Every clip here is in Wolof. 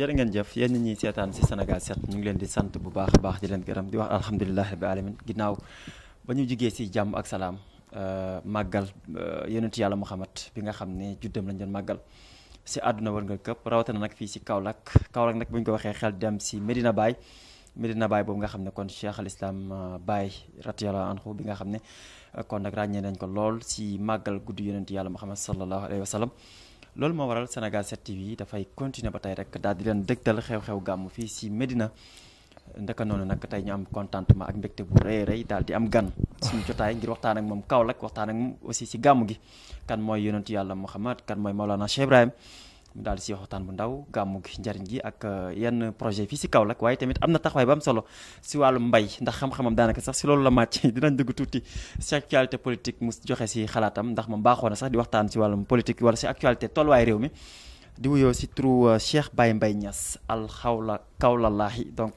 jërë ngeen jëf yéen ñi seetaan si Sénégal set ñu ngi leen di sant bu baax baax di leen gërëm di wax alhamdulilah rabbi alamin ginnaaw ba ñu jugee ci jàmm ak salaam euh, màggal euh, yonent yàlla Muhammad bi nga xam ne juddam lañ doon màggal si àdduna war nga këpp rawatina nag fii si Kaolack Kaolack nag bu ñu ko waxee xel dem si Medina Baye Medina Baye boobu nga xam ne kon Cheikh al Islam euh, Baye radiyallahu anhu bi nga xam ne kon nag ràññee nañ ko lool si màggal guddi yonent yàlla Muhammad sallallahu alayhi wa sallam loolu moo waral Sénégal 7 TV dafay continuer ba tey rek daal di leen dëgtal xew-xew gàmmu fii si Medina ndaka noonu nag tey ñu am contentement ak mbégte bu rëy rëy daal di am gan suñu jotaay ngir waxtaan ak moom Kaolack waxtaan ak moom aussi si gàmmu gi kan mooy yonentu yàlla Muhammad kan mooy Maolana Cheikh Ibrahim ñu daal si waxtaan bu ndaw gàmmu gi njariñ gi ak euh, yenn projet fii si Kaolack waaye tamit am na taxawaay ba am solo si wàllum mbay ndax xam-xamam daanaka sax si loolu la màcc dinañ dugg tuuti si actualité politique mu joxe si xalaatam ndax moom baaxoo na sax di waxtaan si wàllum politique wala si actualité tolluwaay réew mi di wuyoo si turu euh, Cheikh Baye Mbaye Niass alxawla kawlalaahi donc.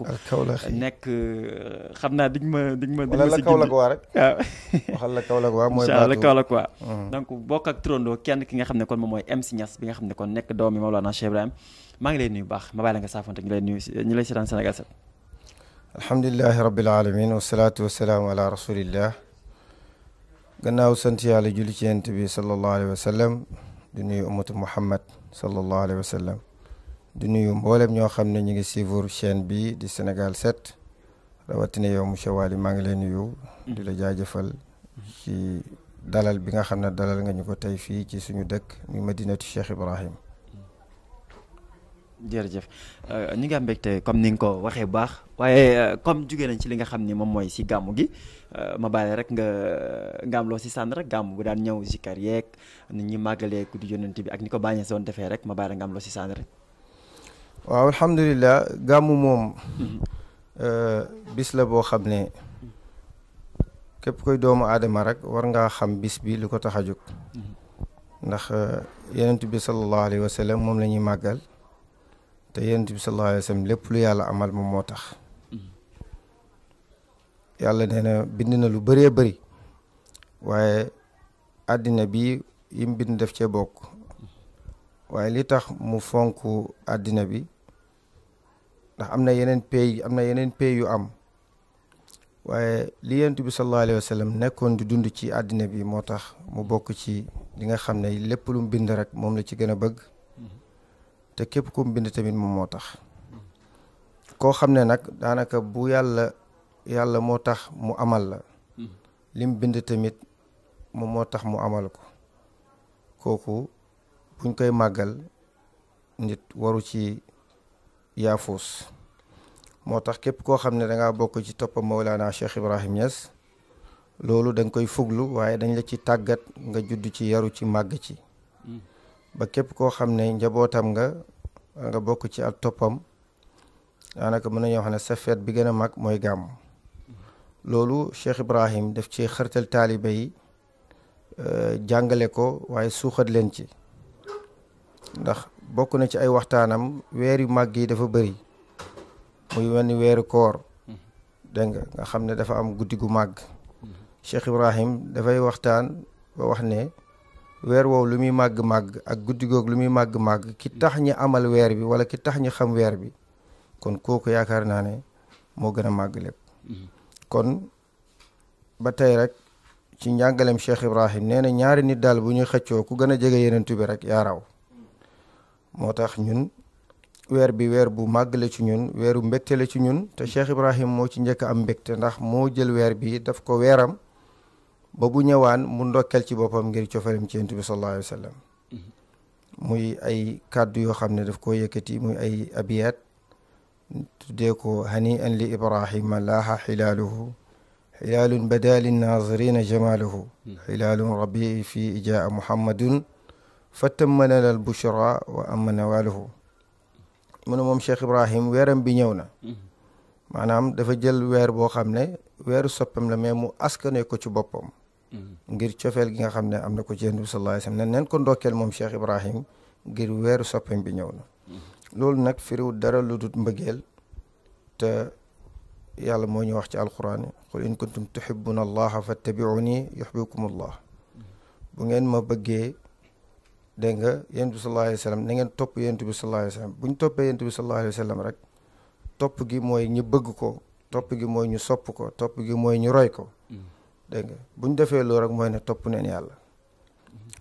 nekk euh, xam naa dig ma dig ma. dig ma si gindi wala la Kaolack waa rek. waxal la Kaolack mooy. incha allah Kaolack waa. Mm-hmm. donc bokk ak turandoo kenn ki nga xam ne kon moom mooy MC Niass bi nga xam ne kon nekk doomi Mawlana Cheikh Ibrahim maa ngi lay nuyu baax ma bàyyi la nga saafoonte ñu lay nuyu ñu lay seetaan Sénégal set. alhamdulilahi rabil alamin wasalaatu wasalaamu ala rasulillah gannaaw sant yàlla julli ci yent bi sallallahu alayhi wa sallam di nuyu ummatu sallallahu alayhi wa sallam di nuyu mbooleem ñoo xam ne ñu ngi si suivre chaîne bi di Sénégal set rawatina yow monsieur Waly maa ngi lay nuyu. di la jaajëfal ci dalal bi nga xam ne dalal nga ñu ko tey fii ci suñu dëkk mi madinatu Cheikh Ibrahim. jërëjëf euh, ñu ngi am mbégte comme ni nga ko waxee baax waaye euh, comme jugee nañ ci li nga xam ni moom mooy si gàmmu gi. Euh, ma bàyyi rek nga nga am loo si sànn rek gàmm bu daan ñëw zikar yeeg nit ñi màggalee guddi yonent bi ak ni ko bàññee soon defee rek ma bàyyi rek nga am loo si sànn rek. waaw alhamdulilah gàmm moom. Mhm. Euh, bis la boo xam ne. képp koy doomu aadama rek war ngaa xam bis bi lu ko tax a jóg. Mhm. ndax euh, yonent bi sallallahu alayhi moom la ñuy màggal. te yonent bi sallallahu alayhi lépp lu yàlla amal moom moo tax. yàlla nee na bind na lu baree bari waaye àddina bi yim bind def cee bokk waaye li tax mu fonk àddina bi ndax am na yeneen pays am na yeneen pays yu am waaye li yonent bi sallallahu alayhi wa nekkoon di dund ci àddina bi moo tax mu bokk ci li nga xam ne lépp lu mu bind rek moom la ci gën a bëgg te képp ku mu bind tamit moom moo tax koo xam ne nag daanaka bu yàlla yàlla moo tax mu amal la hmm. lim bind tamit moom moo tax mu amal ko kooku buñ koy màggal nit waru ci yaafuus moo tax képp koo xam ne danga bokk ci topp Mawlana Cheikh Ibrahim Niass loolu danga koy fuglu waaye dañ la ci tàggat nga judd ci yaru ci màgg ci hmm. ba képp koo xam ne njabootam nga nga bokk ci ak toppam daanaka mën nañoo xam ne sa feet bi gën a mag mooy gàmm loolu Cheikh Ibrahim def ci xërtal taalibe yi euh, jàngale ko waaye suuxat leen ci ndax bokk na ci ay waxtaanam weer yu màgg yi dafa bëri muy mel ni weeru koor dégg nga nga xam ne dafa am guddi gu màgg Cheikh Ibrahim dafay waxtaan ba wax ne weer woow lu muy màgg-màgg ak guddi goog lu muy màgg-màgg ki tax ñi amal weer bi wala ki tax ñi xam weer bi kon kooku yaakaar naa ne moo gën a màgg lépp kon ba tey rek ci njàngaleem Cheikh Ibrahim nee na ñaari nit daal bu ñuy xëccoo ku gën a jege yeneen bi rek yaa raw moo tax ñun weer bi weer bu màgg la ci ñun weeru mbégte la ci ñun te Cheikh Ibrahim moo ci njëkk am mbégte ndax moo jël weer bi daf ko weeram ba bu ñëwaan mu ndokkel ci boppam ngir cofalam ci bi sallallahu alayhi mm-hmm. muy ay kàddu yoo xam ne daf ko yëkkati muy ay abiyat tuddee ko hani an li ibrahima laaha xilaaluhu xilaalun bada linnaazirina jamaaluhu xilaalun rabii fii ijaa muhammadun fatammanal al bushra wa amma nawaaluhu mu ne moom cheikh ibrahim weeram bi ñëw na maanaam dafa jël weer boo xam ne weeru soppam la mais mu askane ko ci boppam ngir cofeel gi nga xam ne am na ko ci yonent bi sallallahu ko ndokkeel moom cheikh ibrahim ngir weeru soppam bi ñëw na loolu nag firiwul dara lu du mbëggeel te yàlla moo ñu wax ci alquraan qul in kuntum tuhibbuna allaha fattabi'uni yuhibbukum allah bu ngeen ma bëggee dégg nga yonent bi sallallahu alayhi wa sallam na ngeen topp yonent bi sallallahu alayhi wa sallam toppee yonent bi sallallahu alayhi rek topp gi mooy ñu bëgg ko topp gi mooy ñu sopp ko topp gi mooy ñu roy ko dégg nga bu ñu defee loolu rek mooy ne topp neen yàlla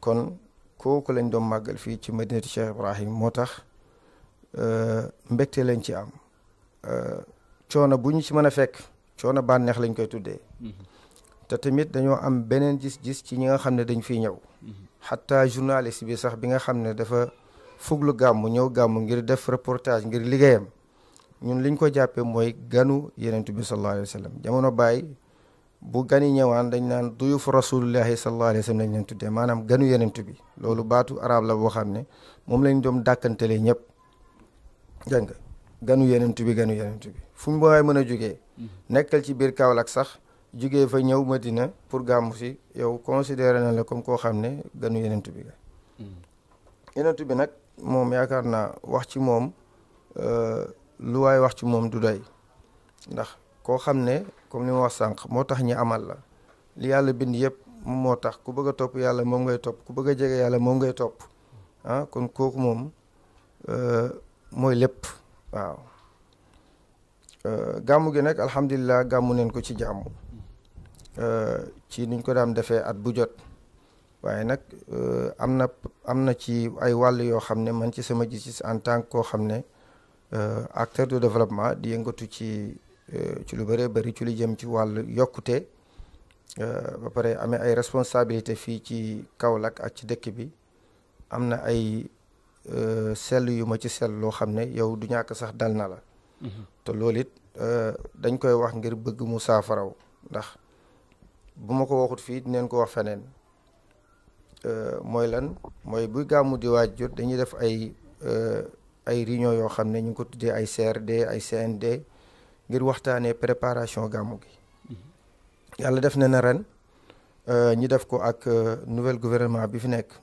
kon kooku lañ doon màggal fii ci madinati Cheikh Ibrahim moo tax Euh, mbégte lañ ci am euh, coono bu ñu ci mën a fekk coono bànneex lañ koy tuddee mm-hmm. te tamit dañoo am beneen gis-gis ci ñi nga xam ne dañ fi ñëw xataa mm-hmm. journaliste bi sax bi nga xam ne dafa fuglu gàmmu ñëw gàmm ngir def reportage ngir liggéeyam ñun liñ ko jàppee mooy ganu yenent bi sallallahu alayhi wa jamono baay bu gani ñëwaan dañ naan duyuf rasulillahi sallallahu alayhi wa sallam lañ leen tuddee maanaam ganu yenentu bi loolu baatu arab la boo xam ne moom lañ doon dàkkantelee ñëpp dégg nga ganu yenentu bi ganu yenentu bi fu mu waaye mën a jógee nekkal ci biir Kaolack sax jógee fa ñëw Madina pour gàmmu si yow considéré na la koo xam ne ganu yenentu bi hmm. bi nag moom yaakaar naa wax ci moom euh, lu waay wax ci moom du doy ndax koo xam ne comme li ma wax sànq moo tax ñi amal la li yàlla bind yëpp moo tax ku bëgg a topp yàlla moom ngay topp ku bëgg a jege yàlla moom ngay topp ah kon kooku moom euh, mooy lépp waaw euh, gàmmu gi nag alhamdulilah gàmmu neen ko ci jàmm euh, ci niñ ko daan defee at bu jot waaye nag euh, am na am na ci ay wàll yoo xam ne man ci sama gis-gis en tant koo xam ne acteur de développement di yëngatu ci ci lu bëree bari ci lu jëm ci wàll yokkute ba pare amee ay responsabilité fii ci Kaolack ak ci dëkk bi am na ay Euh, sell yu ma ci sell loo xam ne yow du ñàkk sax dal na la mhm. te loolu it euh, dañ koy wax ngir bëgg mu saafaraw ndax bu ma ko waxut fii dinañ ko wax feneen euh, mooy lan mooy bu gàmmu di waaj jot dañuy def ay ay réunion yoo xam ne ñu ngi ko tuddee ay CRD ay CND ngir waxtaanee préparation gàmmu gi mhm. yàlla def na na ren ñi def ko ak nouvelle gouvernement bi fi nekk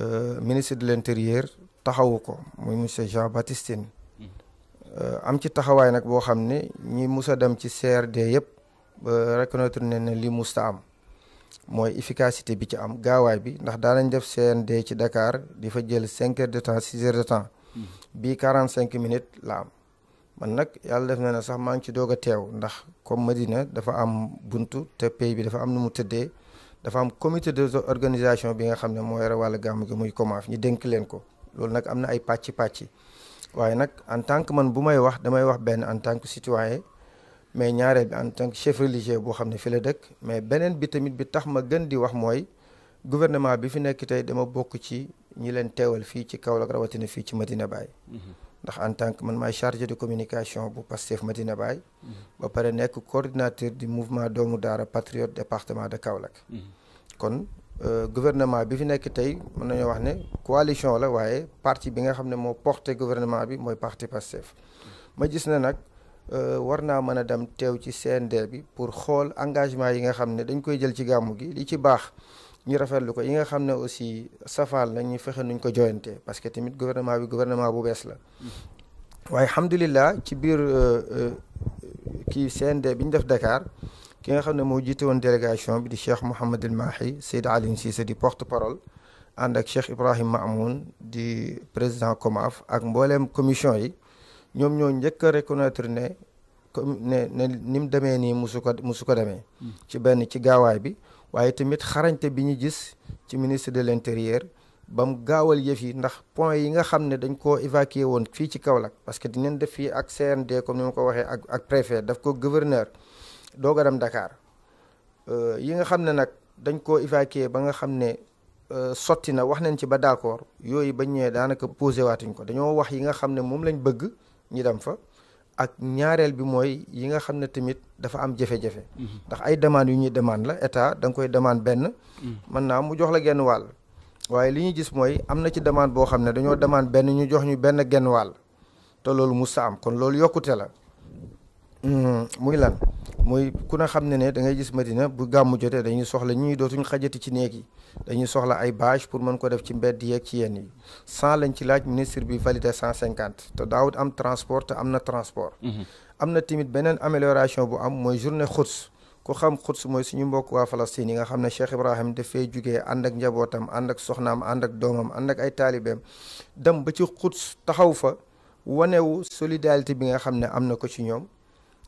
Euh, ministre de l'intérieur taxawu ko muy monsieur Jean Baptiste Tine euh, am ci taxawaay nag boo xam ne ñi mus dem ci CRD yëpp reconnaître ne ne li musta am mooy efficacité bi ci am gaawaay bi ndax daanañ def CND ci dakaar di fa jël cinq heures de temps six heures de temps mm-hmm. bii quarante cinq minutes la am man nag yàlla def na sax maa ngi ci doog a teew ndax comme Medina dafa am buntu te pays bi dafa am nu mu tëddee dafa am comité de organisation bi nga xam ne moo yore wàllu gàmm gi muy COMAF ñu dénk leen ko loolu nag am na ay pàcc pàcc waaye nag en tant que man bu may wax damay wax benn en tant que citoyen mais ñaareel bi en tant que chef religieux boo xam ne fi la dëkk mais beneen bi tamit bi tax ma gën di wax mooy guvernement bi fi nekk tey dama bokk ci ñi leen teewal fii ci Kaolack rawatina fii ci Medina Baye. Mhm. ndax en tant que man maay chargé de communication bu Pastef Medina Baye. Mhm. ba pare nekk coordinateur du mouvement doomu daara patriote département de Kaolack. Mhm. kon euh, gouvernement bi fi nekk tey mën nañoo wax ne coalition la waaye parti bi nga xam ne moo porté gouvernement bi mooy parti Pastef ma gis ne nag euh, war naa mën a dem teew ci CND bi pour xool engagement yi nga xam ne dañ koy jël ci gàmmu gi li ci baax ñu rafetlu ko yi nga xam ne aussi safaal na ñu fexe nuñ ko joyantee parce que tamit gouvernement bi gouvernement bu bees la waaye alhamdulilah ci biir euh, kii CND bi ñu def Dakar ki nga xam ne moo jiite woon délégation bi di cheikh Mouhamadul Mahi Seyd Alioune Cissé di porte parole ànd ak cheikh Ibrahim Mamoun di président COMAF ak mbooleem commission yi ñoom ñoo njëkk a reconnaître ne ne ne ni mu demee nii musu ko musu ko demee. Hmm. ci benn ci gaawaay bi waaye tamit xarañte bi ñu gis ci ministre de l'intérieur. ba mu gaawal yëf yi ndax point yi nga xam ne dañ ko évacué woon fii ci Kaolack parce que di dinañ def fii ak CND comme ni ma ko waxee ak ak préfet daf ko gouverneur doo a dem Dakar euh, yi nga xam ne nag dañ koo évacuer ba nga xam ne euh, sotti na wax nañ ci ba d'accord yooyu bañ ñëwee daanaka posé waatuñ ko dañoo wax yi nga xam ne moom lañ bëgg ñu dem fa ak ñaareel bi mooy yi nga xam ne tamit dafa am jafe-jafe mhm. ndax ay demande yu ñuy demande la état da koy demande benn mhm. mën naa mu jox la genn wàll waaye li ñu gis mooy am na ci demande boo xam ne dañoo demande benn ñu jox ñu benn genn wàll te loolu mu saam kon loolu yokkute la hmm, muy lan mooy ku ne xam ne ne da ngay gis Madina bu gàmmu jotee dañuy soxla ñi dootuñ xajati ci néegi dañuy soxla ay bâche pour mën ko def ci mbedd yeeg ci yenn yi cent lañ ci laaj ministre bi validé cent cinquante te daawut am transport te am na transport mhm. am na tamit beneen amélioration bu am mooy journée xuds ku xam xuds mooy suñu mbokk waa Palestine yi nga xam ne Cheikh Ibrahim dafay jugee ànd ak njabootam ànd ak soxnaam ànd ak doomam ànd ak ay taalibeem dem ba ci xuds taxaw fa wanewu solidarité bi nga xam ne am na ko ci ñoom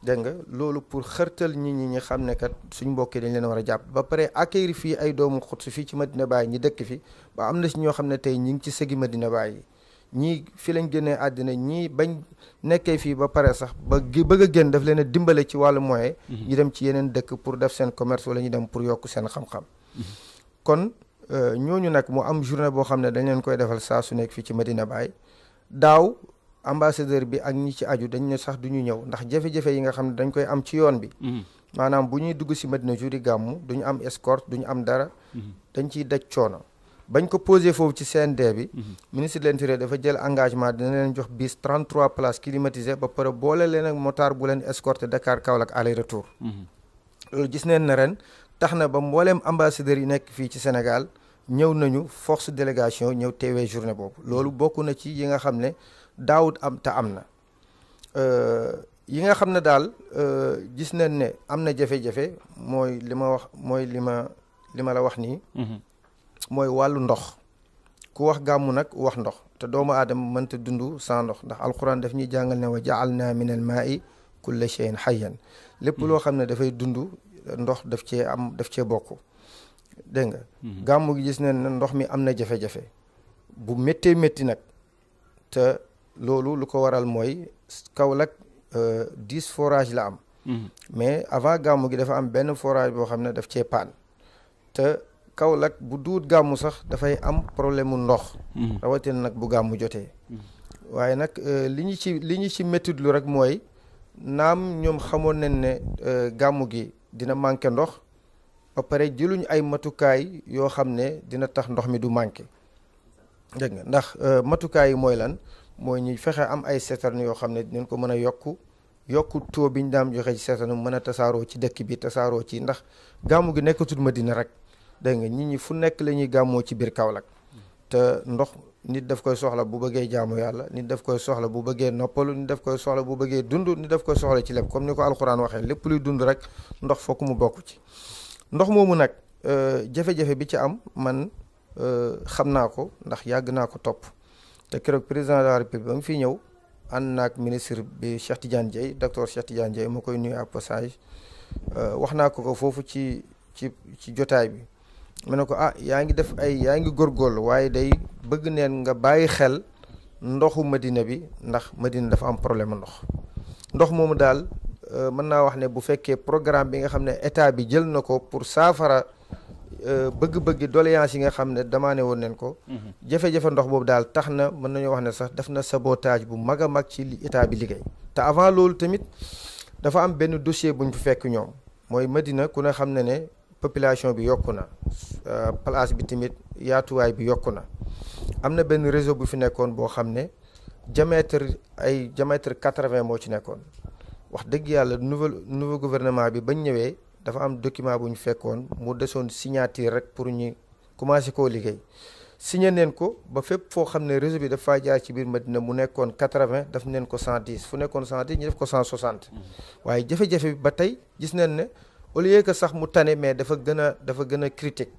dégg nga loolu pour xërtal nit ñi ñi xam ne kat suñ mbokkee dañ leen war a jàpp ba pare accueillir fii ay doomu xut fii ci Medina Baye ñi dëkk fi ba am na si ñoo xam ne tey ñi ngi ci sëgi Medina Baye ñii fi lañ génnee àddina ñii bañ nekkee fii ba pare sax ba bëgg a génn daf leen a dimbale ci wàll moyen mhm. ñu dem ci yeneen dëkk pour def seen commerce wala ñu dem pour yokk seen xam-xam mhm. kon euh, ñooñu nag mu am journée boo xam ne dañ leen koy defal saa su nekk fii ci madina Baye daaw ambassadeur bi ak ñi ci aju dañ ne sax du ñu ñëw ndax jafe-jafe yi nga xam ne dañ koy am ci yoon bi mm-hmm. maanaam bu ñuy dugg si Medina juri gàmmu duñu am escorte duñu am dara mm-hmm. dañ ciy daj coono bañ ko posé foofu ci CND bi mm-hmm. ministre de l'intérieur dafa jël engagement dina leen jox bis 33 place climatisées ba pare boole leen ak motard bu leen escorté Dakar Kaolack aller retour loolu gis neen na ren tax na ba mbooleem ambassadeurs yi nekk fii ci Sénégal ñëw nañu force délégation ñëw teewee journée boobu loolu bokk na ci yi nga xam ne daawut am te am na euh, yi nga xam ne daal euh, gis nañ ne am na jafe-jafe mooy li ma wax mooy li ma li ma la wax nii mm-hmm. mooy wàllu ndox ku wax gàmmu nag wax ndox te doomu aadama mënta dundu sans ndox ndax alquran daf ñuy jàngal ne wa naa min al maa i kulla cheyin xayyan lépp mm-hmm. loo xam ne dafay dundu ndox daf cee am daf cee bokk dégg mm-hmm. gàmmu gis nañ ne ndox mi am na jafe-jafe bu méttee métti nag te loolu lu ko waral mooy Kaolack euh, dix forage la am mhm. mais avant gàmmu gi dafa am benn forage boo xam ne daf cee paan te Kaolack bu duut gàmmu sax dafay am problème mu ndox mhm. rawatina nag bu gàmmu jotee mhm. waaye nag euh, li ñu ci li ñu ci méthode rek mooy naam ñoom xamoon nañ ne euh, gàmmu gi dina manqué ndox ba pare jëluñu ay matukaay yoo xam ne dina tax ndox mi du manqué dégg nga ndax matukaay yi mooy lan mooy ñu fexe am ay seetaan yoo xam ne dinañ ko mën a yokk yokk too bi ñu daan joxe ci seetaan mën a tasaaroo ci dëkk bi tasaaroo ci ndax gàmmu gi nekkatul Madina rek dégg nga nit ñi fu nekk la ñuy gàmmoo ci biir Kaolack te ndox nit daf koy soxla bu bëggee jaamu yàlla nit daf koy soxla bu bëggee noppalu nit daf koy soxla bu bëggee dund nit daf koy soxla ci lépp comme ni ko alxuraan waxee lépp luy dund rek ndox fokk mu bokk ci ndox moomu nag euh, jafe-jafe bi ci am man euh, xam naa ko ndax yàgg naa ko topp te keroog président de la bi ba mu fi ñëw ànd ak ministre bi Cheikh Tidiane Dieye docteur Cheikh Tidiane Dieye moo koy nuyu à passage euh, wax naa ko ko foofu ci ci ci jotaay bi mu ne ko ah yaa ngi def ay yaa ngi góorgóorlu waaye day bëgg neen nga bàyyi xel ndoxu Medina bi ndax Medina dafa am problème ndox ndox moomu daal euh, mën naa wax ne bu fekkee programme bi nga xam ne état bi jël na ko pour saafara. Euh, bëgg-bëggi doléance yi nga xam ne demandé woon nañ ko jafe-jafe ndox boobu daal tax na mën nañoo wax ne sax def na sabotage bu mag a mag ci li état bi liggéey te avant loolu tamit dafa am benn dossier bu ñu fa fekk ñoom mooy Medina ku ne xam ne ne population bi yokku na euh, place bi tamit yaatuwaay bi yokku na am na benn réseau bu fi nekkoon boo xam ne diamètre ay diamètre quatre-vingt moo ci nekkoon wax dëgg yàlla nouveau nouveau gouvernement bi bañ ñëwee dafa am document bu ñu fekkoon mu desoon signature rek pour ñu commencé koo liggéey signé neen ko ba fépp foo xam ne réseau bi dafa jaar ci biir Medina mu nekkoon 80 daf neen ko 110 fu nekkoon 110 ñu def ko 160. Mm-hmm. waaye jafe-jafe bi ba tey gis neen ne au lieu que sax mu tane mais dafa gën a dafa gën a critique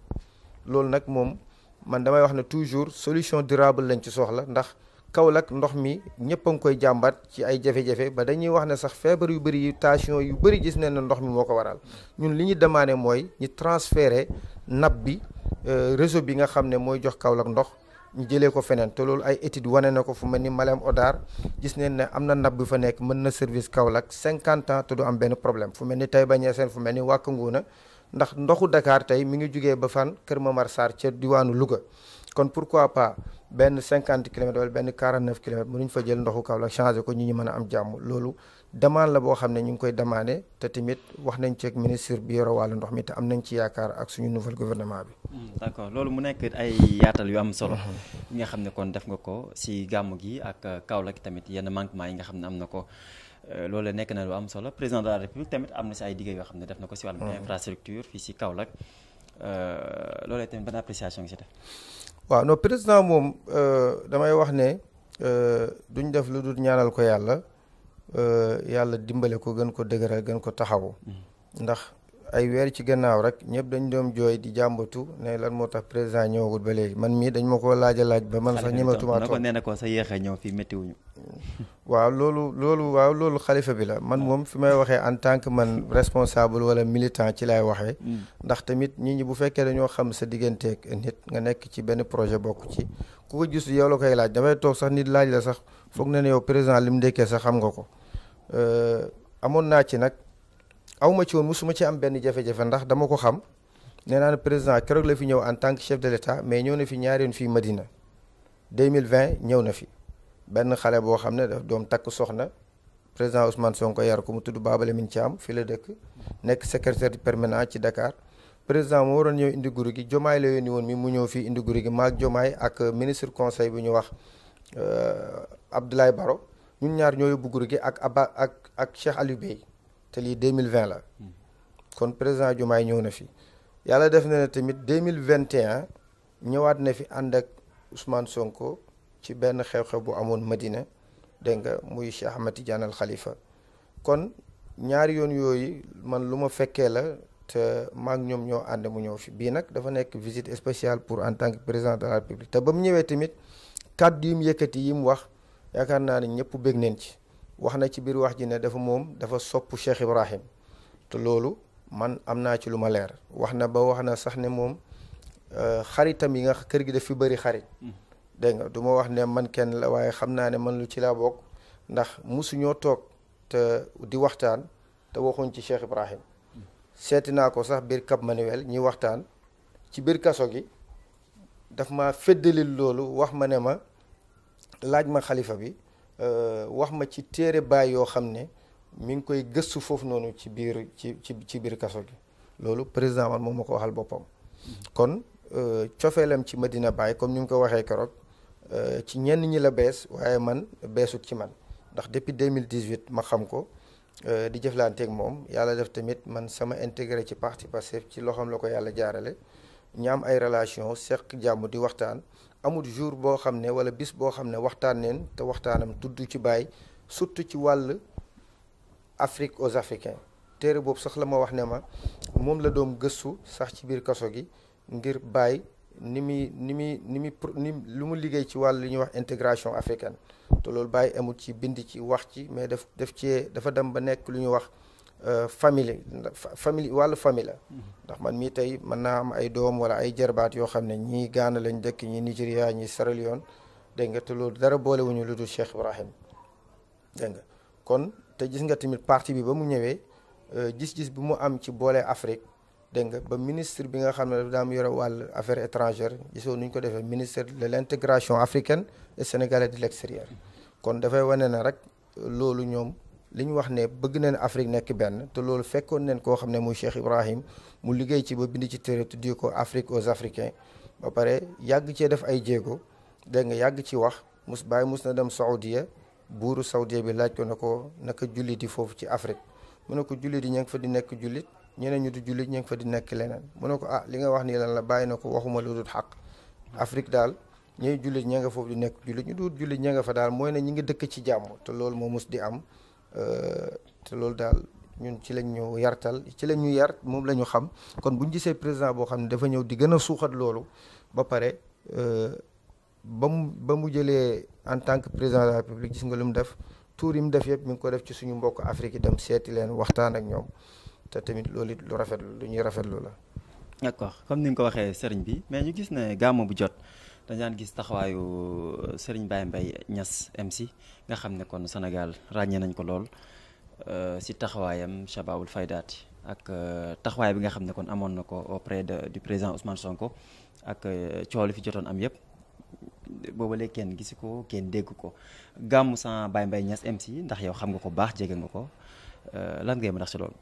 loolu nag moom man damay wax ne toujours solution durable lañ ci soxla ndax. Kaolack ndox mi ñëpp a ngi koy jàmbat ci ay jafe-jafe ba dañuy wax ne sax feebar yu bëri yu tension yu bëri gis nañ ne ndox mi moo ko waral ñun li ñu demandé mooy ñu transféré nappe bi euh, réseau bi nga xam ne mooy jox Kaolack ndox ñu jëlee ko feneen te loolu ay étude wane na ko fu mel ni Malem odaar gis nañ ne am na nappe bu fa nekk mën na service Kaolack 50 ans te du am benn problème fu mel ni tey Taïba seen fu mel ni Wack Ngouna ndax ndoxu dakaar tey mi ngi jugee ba fan Kër Momar Sarr ca diwaanu Louga benn cinquante kilomètres wala benn quarante neuf kilomètres mënuñ fa jël ndoxu Kaolack changé ko ñu ñu mën a am jàmm loolu demande la boo xam ne ñu ngi koy demandé te tamit wax nañ ci ak ministre bi yore ndox mi te am nañ ci yaakaar ak suñu nouvel gouvernement bi. Hmm, d' loolu mu nekk ay yu am solo. Hmm. nga xam ne def nga ko si gàmm gi ak euh, Kaolack tamit yenn manquement yi nga xam ne am na ko. Euh, loolu nekk na lu am solo président de république tamit am na si ay diggé yoo xam ne def na ko si wàllum hmm. infrastructure fii si Kaolack. a euh, tamit ban appréciation ngi si def. waaw non président moom euh, damay wax ne euh, duñ def lu dul ñaanal ko yàlla yàlla dimbale ko gën ko dëgëral gën ko taxawu. Mm-hmm. ndax ay weer ci gannaaw rek ñëpp dañu doon jooy di jàmbatu ne lan moo tax président ñëwagul ba léegi man mii dañ ma koo laaja laaj ba man sax ñëmatuma toog nee na sa yéex a fii méttiwuñu waaw loolu loolu waaw loolu xalifa bi la man moom fi may waxee en tant que man responsable wala militant ci laay waxee mm. ndax tamit ñi ñi bu fekkee dañoo xam sa digganteeg nit nga nekk ci benn projet bokk ci ku ko gis yow la koy laaj dafay toog sax nit laaj la sax foog na ne yow président li mu ndekkee sax xam nga ko euh, amoon naa ci nag aw ma ci woon mosuma ci am benn jafe-jafe ndax dama ko xam nee naa ne président keroog la fi ñëw en tant que chef de l'état mais ñëw na fi ñaari yoon fii Madina 2020 ñëw na fi benn xale boo xam ne daf doom takk soxna président Ousmane Sonko yar ko mu tudd Baba ci am fii la dëkk nekk secrétaire permanent ci Dakar président moo waroon ñëw indi guru gi jomaay la yónni woon mi mu ñëw fii indi guru gi maag jomaay ak ministre conseil bu ñu wax euh, Abdoulaye Baro ñun ñaar ñoo yóbbu guru gi ak Aba ak ak Cheikh Aliou te lii mille 2020 la kon président Diomaye ñëw na fi yàlla def na ne tamit mille vingt 2021 ñëwaat na fi ànd ak Ousmane Sonko ci benn xew-xew bu amoon Madina dégg nga muy Cheikh Ahmed Tidiane al Khalifa kon ñaari yoon yooyu man lu ma fekkee la te maak ñoom ñoo ànd mu ñëw fi bii nag dafa nekk visite spéciale pour en tant que président de la République te ba mu ñëwee tamit kàddu yi mu yëkkati yi mu wax yaakaar naa ne ñëpp bég neen ci wax na ci biir wax ji ne dafa moom dafa sopp Cheikh Ibrahim te loolu man am naa ci lu ma leer wax na ba wax na sax ne moom euh, xaritam yi nga kër gi daf fi bëri xarit mm. dégg nga du ma wax ne man kenn la waaye xam naa ne man lu ci laa bokk ndax musuñoo toog te di waxtaan te waxuñ ci Cheikh Ibrahim mm. seeti naa ko sax biir Cap Manuel ñuy waxtaan ci biir kaso gi daf ma feddalil loolu wax ma ne ma laaj ma xalifa bi Euh, wax ma ci téere baay yoo xam ne mu ngi koy gëstu foofu noonu ci biir ci ci ci biir kaso gi loolu président man moom ma ko waxal boppam kon euh, cofeelam ci ma dina bàyyi comme ni mu ko waxee keroog euh, ci ñenn ñi la bees waaye man beesut ci man ndax depuis 2018 ma xam ko di jëflanteeg moom yàlla def tamit man sama intégré ci parti Pastef ci loxoom la ko yàlla jaarale ñaam ay relation seq jàmm di waxtaan amul jour boo xam ne wala bis boo xam ne waxtaan neen te waxtaanam tudd ci bàyyi surtout ci wàll Afrique aux Africains téere boobu sax la ma wax ne ma moom la doom gëstu sax ci biir kaso gi ngir bàyyi ni muy ni muy ni muy ni lu mu liggéey ci wàll lu ñuy wax intégration africain te loolu Baye amul ci bind ci wax ci mais daf def cee dafa dem ba nekk lu ñuy wax Euh, famille famille wàllu famille la ndax man mii tey mën naa am ay doom wala ay jarbaat yoo xam ne ñii Gaana lañ dëkk ñii Nigéria ñii Sierra Leone dégg nga te loolu dara boolewuñu lu dul Cheikh Ibrahim dégg nga kon te gis nga tamit parti bi ba mu ñëwee euh, gis-gis bi mu am ci boole Afrique dégg nga ba ministre bi nga xam ne dafa daam yore wàll affaires étrangères gisoo nu ñu ko defee ministre de l' intégration africaine et sénégalaise de l' kon dafay wane na rek loolu ñoom. li ñu wax ne bëgg nañ Afrique nekk benn te loolu fekkoon nañ koo xam ne muy Cheikh Ibrahim mu liggéey ci ba bind ci téere tuddee ko Afrique aux Africains ba pare yàgg cee def ay jéego dégg nga yàgg ci wax mus bàyyi mus na dem Saoudia buuru Saoudia bi laaj ko na ko naka jullit yi foofu ci Afrique mu ne ko jullit yi ña ngi fa di nekk jullit ñeneen ñu di jullit ña ngi fa di nekk leneen mu ne ko ah li nga wax nii lan la bàyyi na ko waxuma lu dul xaq daal ñooy jullit ña nga foofu di nekk jullit ñu dul nga fa daal mooy ne ñi ngi dëkk ci jàmm te loolu moo mus di am Euh, te loolu daal ñun ci lañ ñu yartal ci lañ ñu yar moom la ñu xam kon bu ñu gisee président boo xam ne dafa ñëw di gën a suuxat loolu ba pare euh, ba mu ba mu jëlee en tant que président de la république gis nga lu mu def tuur yi mu def yëpp mi ngi ko def ci suñu mbokk Afrique yi dem seeti leen waxtaan ak ñoom te tamit loolu lu rafetlu lu ñuy rafetlu la. d'accord comme ni nga ko waxee sëriñ bi mais ñu gis ne gàmmu bu jot. dañ daan gis taxawaayu euh, Serigne Baye Mbaye Niass MC nga xam ne kon Sénégal ràññee nañ ko lool euh, si taxawaayam Shababul Faydaati ak euh, taxawaay bi nga xam ne kon amoon na ko auprès de du président Ousmane Sonko ak coolu fi jotoon am yëpp boobale kenn gisi ko kenn dégg ko gàmmu sa Baye Mbaye ñas MC ndax yow xam nga ko baax jege nga ko lan ngay ma ndax si loolu.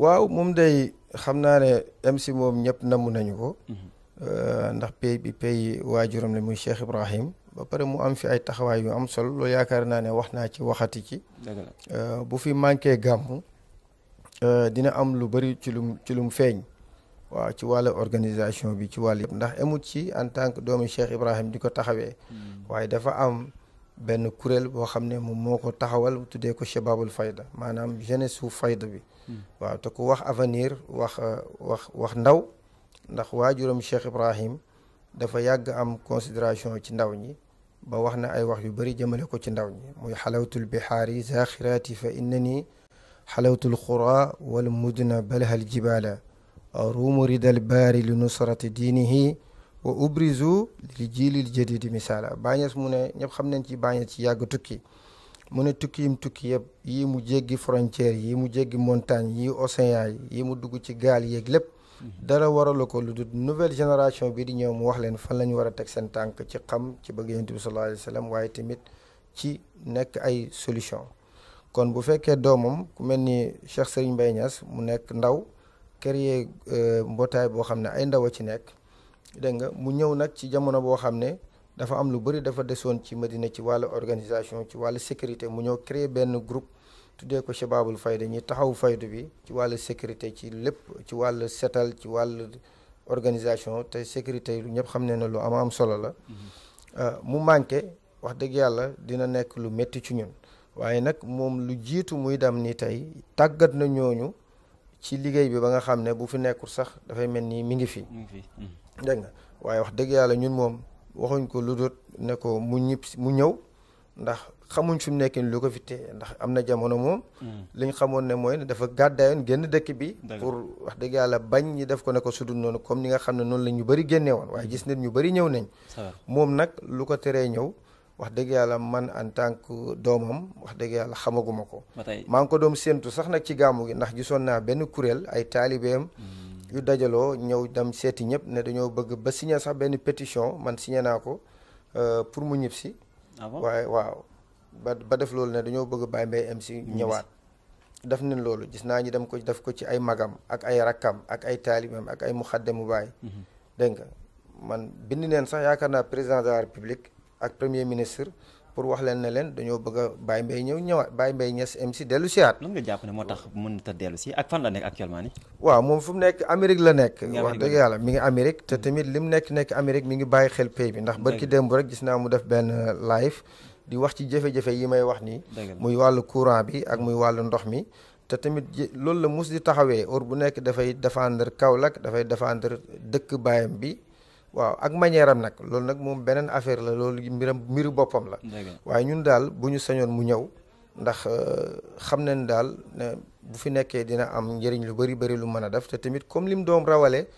waaw moom day xam naa ne MC moom ñëpp namm nañu ko. Mhm. Euh, ndax pay bi pay waajuram la muy Cheikh Ibrahim ba pare mu am fi ay taxawaay yu am solo loolu yaakaar naa ne wax naa ci waxati ci euh, bu fi manqué gàmm euh, dina am lu bëri ci lum ci lum feeñ waaw ci wàllu organisation bi ci wàll yëpp ndax emut ci en tant que doomu Cheikh Ibrahim di ko taxawee hmm. waaye dafa am benn kuréel boo xam ne moom moo ko taxawal tuddee ko Shababul Fayda maanaam jeunesse su fayda bi hmm. waaw te ku wax avenir wax wax wax ndaw ndax waajuram Cheikh Ibrahim dafa yàgg am considération ci ndaw ñi ba wax na ay wax yu bari jëmale ko ci ndaw ñi muy xalawtul bihaari zaxiraati fa inna ni xalawtul xura wal mudna balhal jibaala ruumu ridal baari li nusrati diinihi wa ubrizu li jiilil jadidi misaala bàñes mu ne ñëpp xam nañ ci bàñes ci yàgg tukki mu ne tukki tukki yëpp yi mu jéggi frontière yi mu jéggi montagne yi océan yi mu dugg ci gaal yeeg lépp dara waralu ko lu dul nouvelle génération bii di ñëw mu wax leen fan la ñu war a teg seen tànk ci xam ci bëgg yonent bi sallallahu alayhi wa waaye tamit ci nekk ay solution kon bu fekkee doomam ku mel ni Cheikh Serigne Mbaye mu nekk ndaw créer euh, mbootaay boo xam ne ay ndaw a ci nekk dégg nga mu ñëw nag ci jamono boo xam ne dafa am lu bëri dafa desoon ci Medina ci wàllu organisation ci wàllu sécurité mu ñëw créer benn groupe tuddee ko Shababul Fayda ñi taxaw faydu bi ci wàllu sécurité ci lépp ci wàll setal ci wàll organisation te sécurité lu ñëpp xam ne ne lu am am solo la mm-hmm. euh, mu manqué wax dëgg yàlla dina nekk lu métti ci ñun waaye nag moom lu jiitu muy dem ni tey tàggat na ñooñu ci liggéey bi ba nga xam ne bu fi nekkul sax dafay mel ni mi ngi fi. Mm-hmm. dégg nga waaye wax dëgg yàlla ñun moom waxuñ ko lu dul ne ko mu ñib mu ñëw ndax xamuñ fi mu nekk lu ko fi téye ndax am na jamono moom. Hmm. li ñu xamoon ne mooy ne dafa gàddaayoon génn dëkk bi. pour wax dëgg yàlla bañ ñi def ko ne ko su sudul noonu comme ni nga xam ne noonu la ñu bari génnee woon waaye hmm. gis nit ñu bëri ñëw nañ. moom nag lu ko teree ñëw. wax dëgg yàlla man en tant ku doomam wax dëgg yàlla xamaguma ko. maa ngi ko doom séentu sax nag ci gàmmu gi ndax gisoon naa benn kuréel ay taalibeem. Hmm. yu dajaloo ñëw dem seeti ñëpp ne dañoo bëgg ba signé sax benn pétition man signé naa ko euh, pour mu ñibbisi. Ah waaye ba ba def loolu ne dañoo bëgg Baye Mbaye MC ñëwaat def nañ loolu gis naa ñu dem ko def ko ci ay magam ak ay rakkam ak ay taalibam ak ay muxaddemu Baye mhm. dégg nga man bind neen sax yaakaar naa président de ak premier ministre pour wax leen ne leen dañoo bëgg a Baye Mbaye ñëw ñëwaat Baye Mbaye Niass MC dellu si waat. lan nga jàpp ne moo tax mën ta dellu si ak fan la actuellement ni waaw moom fu mu nekk Amérique la nekk. wax dëgg yàlla mi ngi Amérique. te tamit li mu nekk nekk Amérique mi ngi bàyyi xel pays bi ndax. bërki démb rek gis naa mu def benn live. di wax ci jafe-jafe yi may wax nii muy wàllu courant bi ak muy wàllu ndox mi te tamit loolu la mus di taxawee heure bu nekk dafay défendre Kaolack dafay défendre dëkk baayam bi waaw ak manière nag loolu nag moom beneen affaire la loolu mbiram mbiru boppam la waaye ñun daal bu ñu sañoon mu ñëw ndax euh, xam na ni daal bu fi nekkee dina am njëriñ lu bari bari lu mën a def te tamit comme lim doom rawale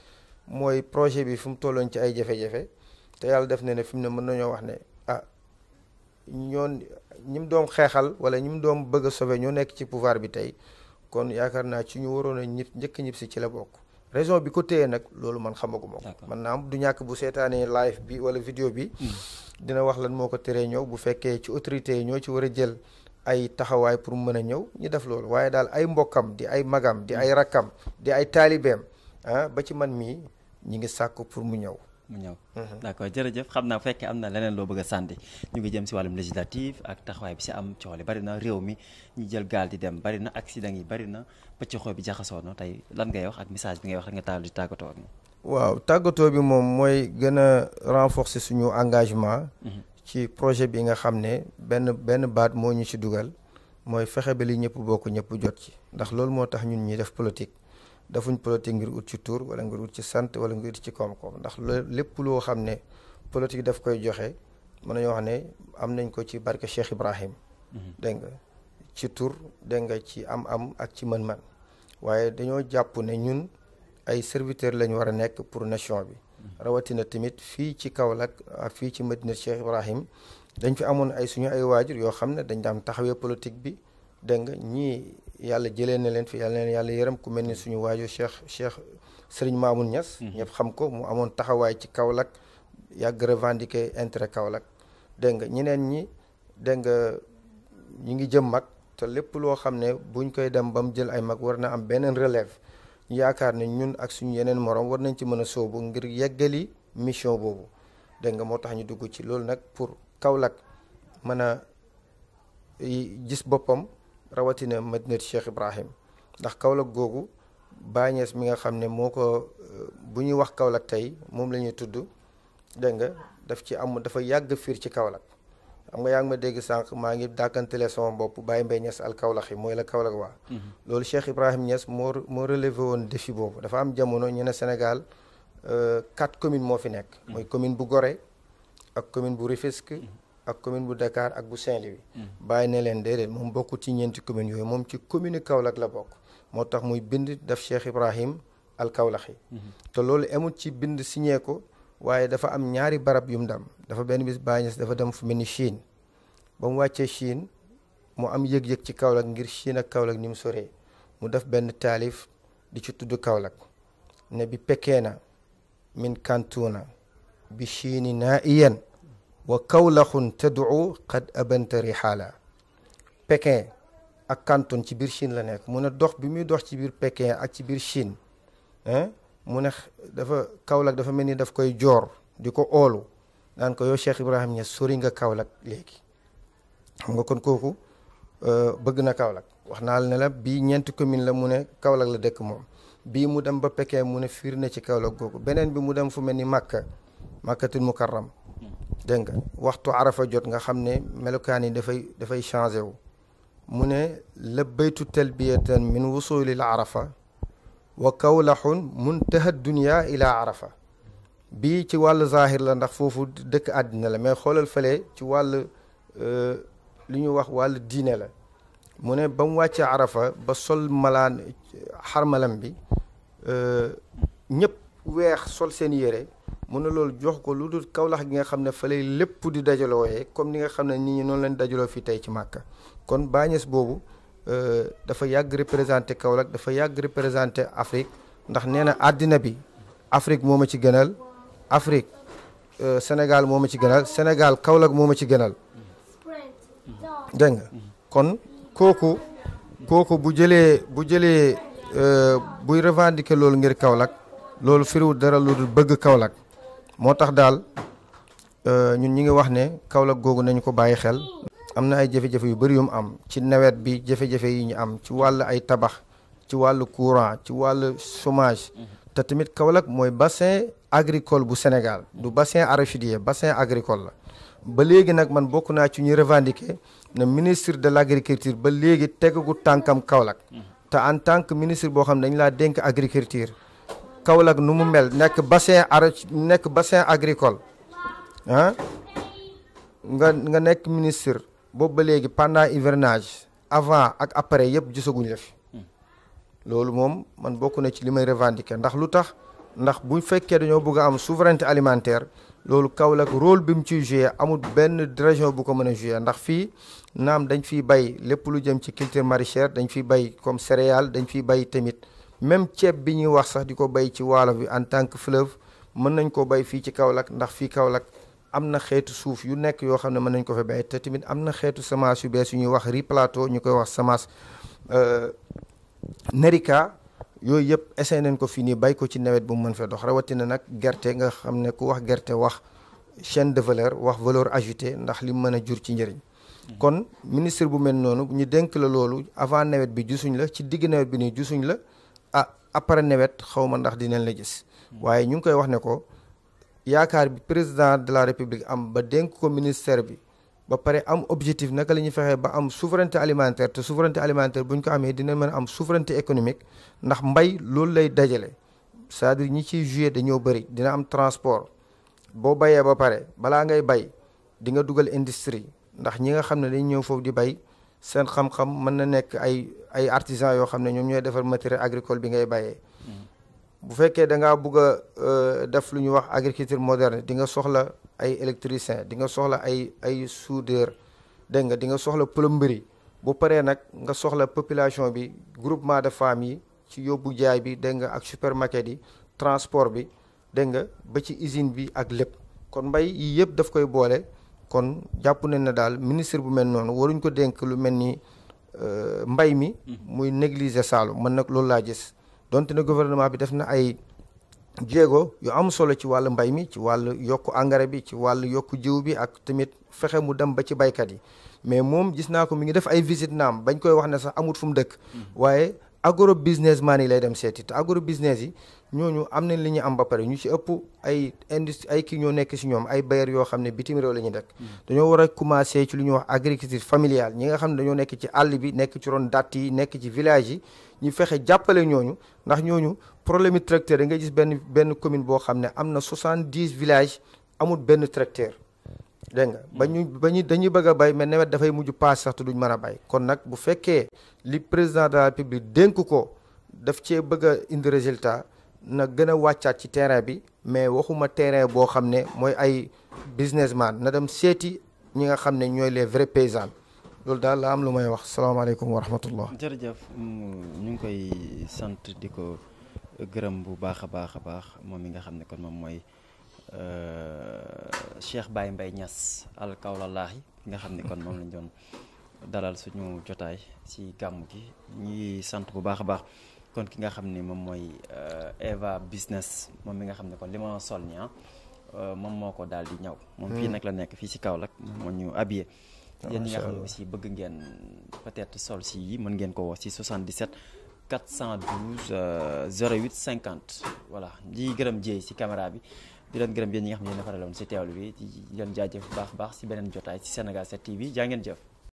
mooy projet bi fu mu tolloon ci ay jafe-jafe te yàlla def na ne fi mu ne mën nañoo wax ne ñoon ñi mu doon xeexal wala ñi mu doom bëgg a ñoo nekk ci pouvoir bi tey kon yaakaar naa ci ñu waroon a ñib njëkk ñib si ci la bokk raison bi ko téye nag loolu man xamaguma ko man naa am du ñàkk bu seetaanee live bi wala vidéo bi hmm. dina wax lan moo ko teree ñëw bu fekkee ci autorité yi ñoo ci war a jël ay taxawaay pour mën a ñëw ñu def loolu waaye daal ay mbokkam di ay magam di ay hmm. rakkam di ay taalibeem ah ba ci man mii ñi ngi sàkk pour mu ñëw mu ñëw mhm. d'accord jërëjëf xam naa fekkee am na leneen loo bëgg a sànni ñu ngi jëm si wàllum législatif ak taxawaay bi si am coole bari na réew mi ñu jël gaal di dem bari na accident yi bari na pëccxoo bi jaxasoo na tey lan ngay wax ak message bi ngay wax nga taal di tàggatoo ak waaw tàggatoo bi moom mooy gën a renforcer suñu engagement mhm. ci projet bi nga xam ne benn benn baat moo ñu ci dugal mooy fexe ba li ñëpp bokk ñëpp jot ci ndax loolu moo tax ñun ñuy def politique dafuñ politique ngir ut ci tur wala ngir ut ci sant wala ngir ut ci koom-koom ndax lépp loo xam ne politique daf koy joxe mën nañoo wax ne am nañ ko ci barke Cheikh Ibrahim. Mhm. dégg nga ci tur dégg nga ci am-am ak ci mën-mën waaye dañoo jàpp ne ñun ay serviteur lañ war a nekk pour nation bi. Mhm. rawatina tamit fii ci Kaolack ak fii ci Medina Cheikh Ibrahim dañ fi amoon ay suñu ay waajur yoo xam ne dañ daan taxawee politique bi dégg nga ñii. yàlla jëlee na leen fii yàlla yàlla yërëm ku mel ni suñu waaju Cheikh Cheikh Sëriñ Mamoun Niass. Mhm. ñëpp xam ko mu amoon taxawaay ci Kaolack yàgg revendiquer intérêt Kaolack dégg nga ñeneen ñi dégg nga ñu ngi jëm mag te lépp loo xam ne buñ koy dem ba mu jël ay mag war na am beneen relève ñu yaakaar ne ñun ak suñu yeneen morom war nañ ci mën a soobu ngir yeggali mission boobu dégg nga moo tax ñu dugg ci loolu nag pour Kaolack mën a gis boppam. rawatina madinat Cheikh Ibrahim ndax Kaolack googu Baay Ñas mi nga xam ne moo ko euh, bu ñuy wax kawlak tey moom la ñuy tudd dégg nga daf ci am dafa yàgg fiir ci Kaolack xam nga yaa ma dégg sànq maa ngi dàkkantele sama bopp Baye Mbaye Niass al Kaolack yi mooy la Kaolack waa mhm. loolu Cheikh Ibrahim ñees moo moo relevé woon défi boobu dafa am jamono ñu ne Sénégal euh, quatre communes moo fi nekk mhm. mooy commune bu gore ak commune bu Rufisque mhm. ak commune bu Dakar ak bu Saint-Louis. bàyyi ne leen déedéet moom bokk ci ñeenti commune yooyu moom ci commune Kaolack la bokk moo tax muy bind daf Cheikh Ibrahim al Kaolack yi. te loolu amul ci bind signé ko waaye dafa am ñaari barab yu mu dem dafa benn bis Baye Niass dafa dem fu mel ni Chine ba mu wàccee Chine mu am yëg-yëg ci Kaolack ngir Chine ak Kaolack ni mu soree mu def benn taalif di ci tudd Kaolack ne bi Pekeena min Kantuna bi Chine naa iyan wa kawlaxun tad'u qad abanta rihala pekin ak Canton ci biir Chine la nekk mu ne dox bi muy dox ci biir Pékin ak ci biir Chine mu ne dafa Kaolack dafa mel ni daf koy joor di ko oolu daan ko yow Cheikh Ibrahim Niass sori nga Kaolack léegi xam nga kon kooku euh, bëgg na Kaolack wax naa ne la bii ñeenti commune la mu ne Kaolack la dëkk moom bii mu dem ba Pékin mu ne fiir na ci Kaolack googu beneen bi mu dem fu mel ni Màkka Màkkatul Mukarram dégg nga waxtu arafa jot nga xam ne melukaan yi dafay dafay changé wu mu ne labbaytu talbiyatan min la arafa wa mun muntaha dunia ila arafa bii ci wàll zahir la ndax foofu dëkk àddina la mais xoolal fële ci wàll euh, lu ñu wax wàll diine la mu ne ba mu wàccee arafa ba sol malaan xarmalam bi euh, ñëpp weex sol seen yére mun ne loolu jox ko lu dul kawlax gi nga xam ne fa lay lépp di dajaloo comme ni nga xam ne ni ñi noonu leen dajaloo fii tey ci màkka kon bàññees boobu euh, dafa yàgg représenté Kaolack dafa yàgg représenté Afrique ndax nee na àddina bi Afrique moom a ci gënal Afrique euh, Sénégal moom ma ci gënal Sénégal Kaolack moo ma ci gënal dégg nga kon kooku kooku bu jëlee bu jëlee euh, buy revendiquer loolu ngir Kaolack loolu firiwul dara lu dul bëgg Kaolack moo tax daal euh, ñun ñi ngi wax ne Kaolack googu nañu ko bàyyi xel. am na ay jafe-jafe yu bëri yu mu am ci nawet bi jafe-jafe yi ñu am ci wàll ay tabax ci wàll courant ci wàll chômage te tamit kawlak mooy bassin agricole bu Sénégal du bassin arachidier bassin agricole la. ba léegi nag man bokk naa ci ñuy revendiquer na ministre de l'agriculture ba léegi tegagu tànkam Kaolack te en tant que ministre boo xam ne dañ laa dénk agriculture. Kaolack nu mu mel nekk bassin ara nekk bassin agricole ah nga nga nekk ministre boobu ba léegi pendant hivernage avant ak après yëpp gisaguñ la fi hmm. loolu moom man bokk na ci li may revendiquer ndax lu tax ndax bu fekkee dañoo bugg a am souveraineté alimentaire loolu Kaolack rôle bi mu ciy joué amul benn région bu ko mën a joué ndax fii naam dañ fiy bay lépp lu jëm ci culture maraîchère dañ fiy bay comme céréales dañ fiy bay tamit. même ceeb bi ñuy wax sax di ko bay ci waalo bi en tant que fleuve mën nañ ko bay fii ci Kaolack ndax fii Kaolack am na xeetu suuf yu nekk yoo xam ne mën nañ ko fa bay te tamit am na xeetu semence yu bees yu ñuy wax riz plateau ñu koy wax semence euh, nerika yooyu yëpp essayé nañ ko fii nii bay ko ci nawet bu mu mën fee dox rawatina nag gerte nga xam ne ku wax gerte wax chaîne de valeur wax valeur ajoutée ndax li mën a jur ci njëriñ kon ministre bu mel noonu ñu dénk la loolu avant nawet bi jusuñ la ci digg nawet bi nii jusuñ la après nawet xaw ma ndax dinañ la gis waaye ñu ngi koy wax ne ko yaakaar bi président de la république am ba dénk ko ministère bi ba pare am objectif naka la ñuy fexee ba am souveraineté alimentaire te souveraineté alimentaire bu ñu ko amee dina mën am souveraineté économique ndax mbay loolu lay dajale c'est-à-dire ñi ciy joué dañoo bëri dina am transport boo bayee ba pare balaa ngay bay di nga dugal industrie ndax ñi nga xam ne dañ ñëw foofu di bay seen xam-xam ay artisans yoo xam ne ñoom ñooy defar matériel agricole bi ngay bàyyee. Hmm. bu fekkee dangaa ngaa bugg a euh, def lu ñuy wax agriculture moderne di nga soxla ay électricien di nga soxla ay ay soudeur dégg nga di nga soxla plomberie bu paree nag nga soxla population bi groupement de femme yi ci yóbbu jaay bi dégg nga ak supermarket yi transport bi dégg nga ba ci usine bi ak lépp kon mbay yii yëpp daf koy boole kon jàpp nañ ne daal ministre bu mel noonu waruñ ko dénk lu mel ni. Euh, mbay mi. muy négliger Saalum mën nag loolu laa gis donte ne gouvernement bi def na ay jéego yu am solo ci wàll mbay mi ci wàll yokk engrais bi ci wàll yokku jiw bi ak tamit fexe mu dem ba ci baykat yi mais moom gis naa ko mi ngi def ay visite naam bañ koy wax ne sax amut fu mu dëkk mm-hmm. waaye. agro businessman yi lay dem seeti te agro business yi ñooñu am nañ li ñu am ba pare ñu ci ëpp ay industrie ay kii ñoo nekk ci ñoom ay bailleurs yoo xam ne bitim réew la ñuy dëkk mm. dañoo war a commencé ci lu ñu wax agriculture familial ñi nga xam ne dañoo nekk ci àll bi nekk ci ron datt yi nekk ci village yi ñu fexe jàppale ñooñu ndax ñooñu problème yi tracteur da ngay gis benn benn commune boo xam ne am na soixante-dix village amul benn tracteur dégg nga ba ñu ba ñu dañuy bëgg a bay mais nawet dafay mujj paas sax te duñ mën a bay kon nag bu fekkee li président de la république dénk ko def cee bëgg a résultat na gën a wàccaat ci terrain bi mais waxuma terrain boo xam ne mooy ay businessman na dem seeti ñi nga xam ne ñooy les vrais paysans loolu daal la am lu may wax salaamaaleykum wa rahmatullah jërëjëf mm, ñu ngi koy sant di ko gërëm bu baax a baax a baax moom mi nga xam ne kon moom mooy. Euh, Cheikh Baye Mbaye Niass al ki nga xam ne kon moom lañu doon dalal suñu jotaay ci gàmm gi ñuy sant bu baax a baax kon ki nga xam ni moom mooy euh, Eva business moom mi nga xam ne kon li ma sol ñaa ah, euh, moom moo ko daal di ñaw. moom fii hmm. nag la nekk fii ci Kaolack moo ñu habillé. yéen ñi nga xam ne aussi bëgg ngeen peut-être sol si yi mën ngeen ko woo si 77 412 08 50 voilà di gërëm jéey si caméra bi. di leen gërëm yéen ñi nga xam ne yéen a faraloon si teewlu bi di leen jaajëf bu baax baax si beneen jotaay si Sénégal 7 TV jaa ngeen jëf